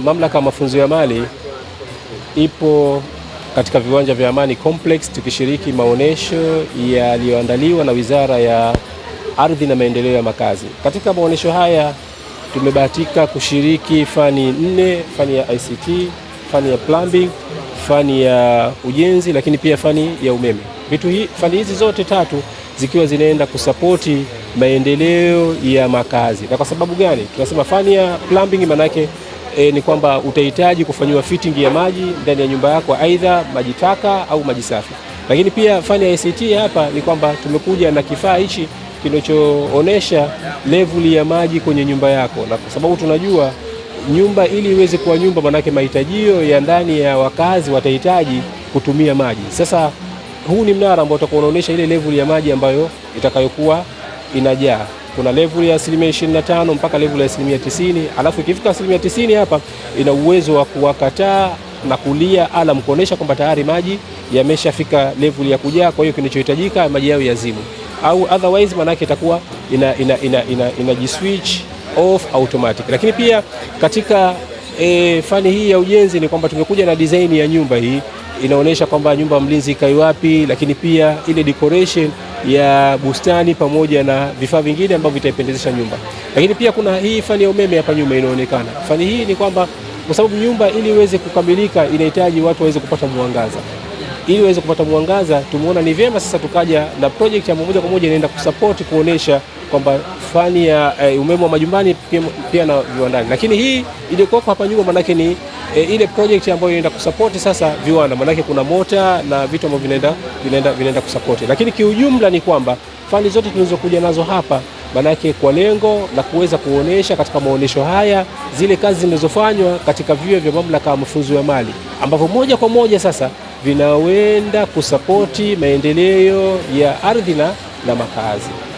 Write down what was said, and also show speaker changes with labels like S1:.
S1: Mamlaka ya mafunzo ya mali ipo katika viwanja vya Amani Complex tukishiriki maonyesho yaliyoandaliwa na Wizara ya Ardhi na Maendeleo ya Makazi. Katika maonyesho haya tumebahatika kushiriki fani nne, fani ya ICT, fani ya plumbing, fani ya ujenzi, lakini pia fani ya umeme. Vitu hii, fani hizi zote tatu zikiwa zinaenda kusapoti maendeleo ya makazi. Na kwa sababu gani tunasema fani ya plumbing? Maanake e, ni kwamba utahitaji kufanyiwa fitting ya maji ndani ya nyumba yako, aidha maji taka au maji safi. Lakini pia fani ya ICT hapa ni kwamba tumekuja na kifaa hichi kinachoonesha levuli ya maji kwenye nyumba yako, na kwa sababu tunajua nyumba ili iweze kuwa nyumba, manake mahitajio ya ndani ya wakazi watahitaji kutumia maji. Sasa huu ni mnara ambao utakuwa unaonyesha ile level ya maji ambayo itakayokuwa inajaa kuna level ya asilimia 25 mpaka level ya asilimia 90, alafu ikifika asilimia 90 hapa ina uwezo wa kuwakataa na kulia alam kuonesha kwamba tayari maji yameshafika level ya kujaa, kwa hiyo kinachohitajika maji yao yazimu, au otherwise maanake itakuwa ina, ina, ina, ina, ina switch off automatic. Lakini pia katika e, fani hii ya ujenzi ni kwamba tumekuja na design ya nyumba hii inaonyesha kwamba nyumba mlinzi ikai wapi, lakini pia ile decoration ya bustani pamoja na vifaa vingine ambavyo vitaipendezesha nyumba. Lakini pia kuna hii fani ya umeme hapa nyuma inaonekana. Fani hii ni kwamba kwa sababu nyumba ili iweze kukamilika inahitaji watu waweze kupata mwangaza ili waweze kupata mwangaza, tumeona ni vyema sasa tukaja na project ya moja kwa moja inaenda kusupport kuonesha kwamba fani ya e, umeme wa majumbani pia, pia na viwandani, lakini hii iliyokuwako hapa nyuma manake ni e, ile project ambayo inaenda kusapoti sasa viwanda, manake kuna mota na vitu ambavyo vinaenda vinaenda vinaenda kusapoti, lakini kiujumla ni kwamba fani zote tulizokuja nazo hapa manake kwa lengo la kuweza kuonesha katika maonesho haya zile kazi zinazofanywa katika vyuo vya mamlaka ya mafunzo ya mali ambapo moja kwa moja sasa vinawenda kusapoti maendeleo ya ardhi na makazi.